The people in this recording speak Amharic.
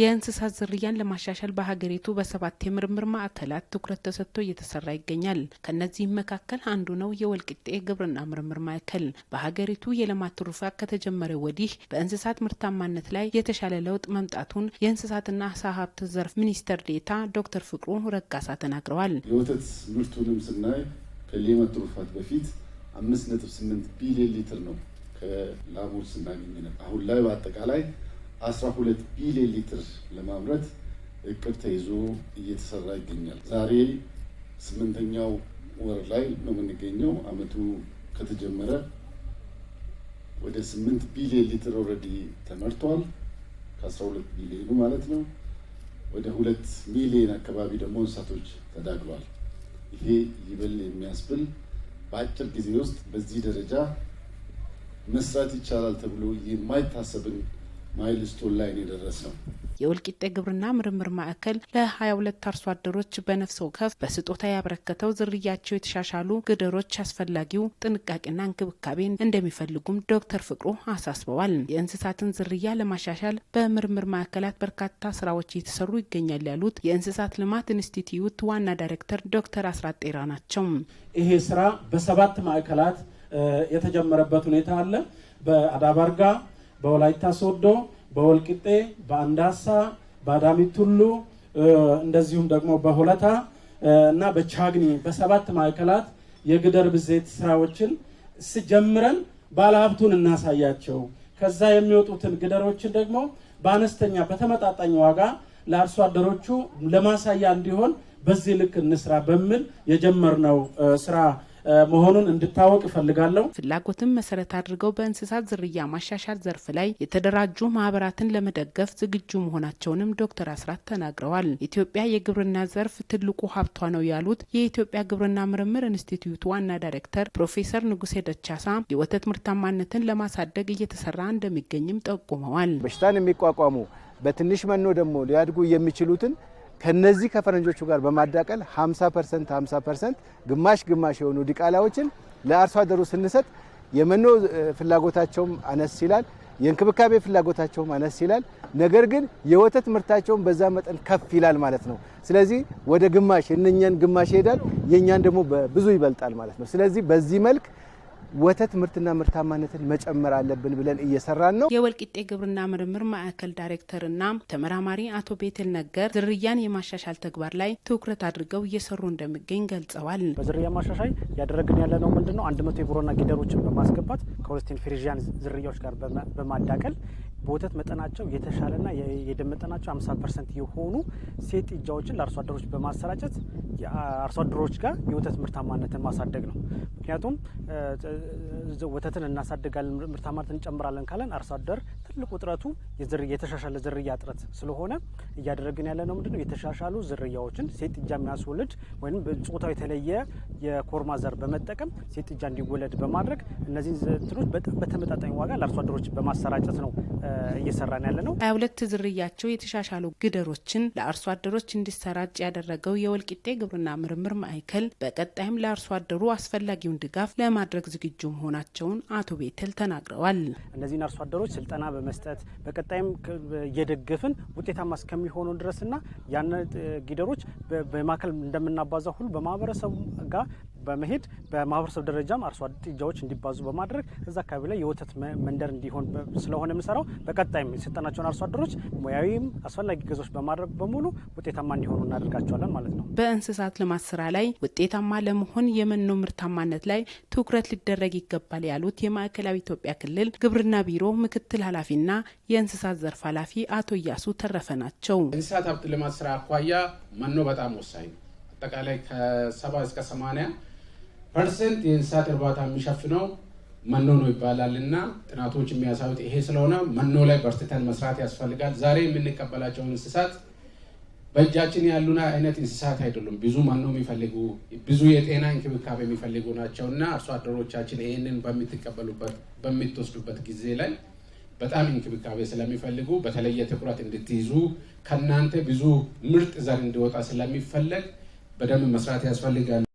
የእንስሳት ዝርያን ለማሻሻል በሀገሪቱ በሰባት የምርምር ማዕከላት ትኩረት ተሰጥቶ እየተሰራ ይገኛል። ከእነዚህም መካከል አንዱ ነው የወልቂጤ ግብርና ምርምር ማዕከል። በሀገሪቱ የልማት ትሩፋት ከተጀመረ ወዲህ በእንስሳት ምርታማነት ላይ የተሻለ ለውጥ መምጣቱን የእንስሳትና ዓሳ ሀብት ዘርፍ ሚኒስትር ዴኤታ ዶክተር ፍቅሩ ረጋሳ ተናግረዋል። የወተት ምርቱንም ስናይ ከሌማት ትሩፋት በፊት አምስት ነጥብ ስምንት ቢሊዮን ሊትር ነው ከላሞች ስናገኝ አሁን ላይ በአጠቃላይ 12 ቢሊዮን ሊትር ለማምረት እቅድ ተይዞ እየተሰራ ይገኛል። ዛሬ ስምንተኛው ወር ላይ ነው የምንገኘው። አመቱ ከተጀመረ ወደ 8 ቢሊዮን ሊትር ኦልሬዲ ተመርቷል። ከ12 ቢሊዮኑ ማለት ነው። ወደ ሁለት ሚሊዮን አካባቢ ደግሞ እንስሳቶች ተዳግሏል። ይሄ ይበል የሚያስብል በአጭር ጊዜ ውስጥ በዚህ ደረጃ መስራት ይቻላል ተብሎ የማይታሰብን ማይልስቶን ላይ ነው የደረሰው። የወልቂጤ ግብርና ምርምር ማዕከል ለ22 አርሶ አደሮች በነፍስ ወከፍ በስጦታ ያበረከተው ዝርያቸው የተሻሻሉ ግደሮች አስፈላጊው ጥንቃቄና እንክብካቤ እንደሚፈልጉም ዶክተር ፍቅሩ አሳስበዋል። የእንስሳትን ዝርያ ለማሻሻል በምርምር ማዕከላት በርካታ ስራዎች እየተሰሩ ይገኛል ያሉት የእንስሳት ልማት ኢንስቲትዩት ዋና ዳይሬክተር ዶክተር አስራት ጤራ ናቸው። ይሄ ስራ በሰባት ማዕከላት የተጀመረበት ሁኔታ አለ በአዳባርጋ በወላይታ ሶዶ፣ በወልቅጤ፣ በአንዳሳ፣ በአዳሚቱሉ እንደዚሁም ደግሞ በሁለታ እና በቻግኒ በሰባት ማዕከላት የግደር ብዜት ስራዎችን ስጀምረን ባለሀብቱን እናሳያቸው። ከዛ የሚወጡትን ግደሮችን ደግሞ በአነስተኛ በተመጣጣኝ ዋጋ ለአርሶ አደሮቹ ለማሳያ እንዲሆን በዚህ ልክ እንስራ በሚል የጀመርነው ስራ መሆኑን እንድታወቅ እፈልጋለሁ። ፍላጎትን መሰረት አድርገው በእንስሳት ዝርያ ማሻሻል ዘርፍ ላይ የተደራጁ ማህበራትን ለመደገፍ ዝግጁ መሆናቸውንም ዶክተር አስራት ተናግረዋል። ኢትዮጵያ የግብርና ዘርፍ ትልቁ ሀብቷ ነው ያሉት የኢትዮጵያ ግብርና ምርምር ኢንስቲትዩት ዋና ዳይሬክተር ፕሮፌሰር ንጉሴ ደቻሳ የወተት ምርታማነትን ለማሳደግ እየተሰራ እንደሚገኝም ጠቁመዋል። በሽታን የሚቋቋሙ በትንሽ መኖ ደግሞ ሊያድጉ የሚችሉትን ከነዚህ ከፈረንጆቹ ጋር በማዳቀል 50 ፐርሰንት 50 ፐርሰንት ግማሽ ግማሽ የሆኑ ዲቃላዎችን ለአርሶ አደሩ ስንሰጥ የመኖ ፍላጎታቸውም አነስ ይላል፣ የእንክብካቤ ፍላጎታቸውም አነስ ይላል። ነገር ግን የወተት ምርታቸውን በዛ መጠን ከፍ ይላል ማለት ነው። ስለዚህ ወደ ግማሽ እነኛን ግማሽ ይሄዳል፣ የእኛን ደግሞ ብዙ ይበልጣል ማለት ነው። ስለዚህ በዚህ መልክ ወተት ምርትና ምርታማነትን መጨመር አለብን ብለን እየሰራን ነው። የወልቂጤ ግብርና ምርምር ማዕከል ዳይሬክተርና ተመራማሪ አቶ ቤትል ነገር ዝርያን የማሻሻል ተግባር ላይ ትኩረት አድርገው እየሰሩ እንደሚገኝ ገልጸዋል። በዝርያ ማሻሻይ ያደረግን ያለ ነው ምንድን ነው አንድ መቶ የቦረና ጊደሮችን በማስገባት ከሆልስቲን ፍሪዥያን ዝርያዎች ጋር በማዳቀል በወተት መጠናቸው የተሻለና የደም መጠናቸው 50 ፐርሰንት የሆኑ ሴት ጥጃዎችን ለአርሶ አደሮች በማሰራጨት አርሶ አደሮች ጋር የወተት ምርታማነትን ማሳደግ ነው። ምክንያቱም ወተትን እናሳድጋለን፣ ምርታማነት እንጨምራለን ካለን አርሶ አደር ትልቁ የተሻሻለ ዝርያ ጥረት ስለሆነ እያደረግን ያለ ነው ምንድነው የተሻሻሉ ዝርያዎችን ሴት ጥጃ የሚያስወልድ ወይም ጾታው የተለየ የኮርማ ዘር በመጠቀም ሴት ጥጃ እንዲወለድ በማድረግ እነዚህን ዝርያዎች በጣም በተመጣጣኝ ዋጋ ለአርሶ አደሮች በማሰራጨት ነው እየሰራን ያለ ነው። ሀያ ሁለት ዝርያቸው የተሻሻሉ ግደሮችን ለአርሶ አደሮች እንዲሰራጭ ያደረገው የወልቂጤ ግብርና ምርምር ማዕከል በቀጣይም ለአርሶ አደሩ አስፈላጊውን ያለውን ድጋፍ ለማድረግ ዝግጁ መሆናቸውን አቶ ቤተል ተናግረዋል። እነዚህን አርሶ አደሮች ስልጠና በመስጠት በቀጣይም እየደገፍን ውጤታማ እስከሚሆኑ ድረስና ያን ጊደሮች በማዕከል እንደምናባዛ ሁሉ በማህበረሰቡ ጋር በመሄድ በማህበረሰብ ደረጃም አርሶ አደር ጥጃዎች እንዲባዙ በማድረግ እዛ አካባቢ ላይ የወተት መንደር እንዲሆን ስለሆነ የምሰራው በቀጣይም የሰጠናቸውን አርሶ አደሮች ሙያዊም አስፈላጊ ገዞች በማድረግ በሙሉ ውጤታማ እንዲሆኑ እናደርጋቸዋለን ማለት ነው። በእንስሳት ልማት ስራ ላይ ውጤታማ ለመሆን የመኖ ምርታማነት ላይ ትኩረት ሊደረግ ይገባል ያሉት የማዕከላዊ ኢትዮጵያ ክልል ግብርና ቢሮ ምክትል ኃላፊና የእንስሳት ዘርፍ ኃላፊ አቶ እያሱ ተረፈ ናቸው። እንስሳት ሀብት ልማት ስራ አኳያ መኖ በጣም ወሳኝ ነው። አጠቃላይ ከሰባ እስከ ሰማንያ ፐርሰንት የእንስሳት እርባታ የሚሸፍነው መኖ ነው ይባላል እና ጥናቶች የሚያሳዩት ይሄ ስለሆነ መኖ ላይ በርትተን መስራት ያስፈልጋል። ዛሬ የምንቀበላቸውን እንስሳት በእጃችን ያሉና አይነት እንስሳት አይደሉም። ብዙ መኖ የሚፈልጉ ብዙ የጤና እንክብካቤ የሚፈልጉ ናቸው እና አርሶ አደሮቻችን ይህንን በምትቀበሉበት በምትወስዱበት ጊዜ ላይ በጣም እንክብካቤ ስለሚፈልጉ በተለየ ትኩረት እንድትይዙ ከእናንተ ብዙ ምርጥ ዘር እንዲወጣ ስለሚፈለግ በደንብ መስራት ያስፈልጋል።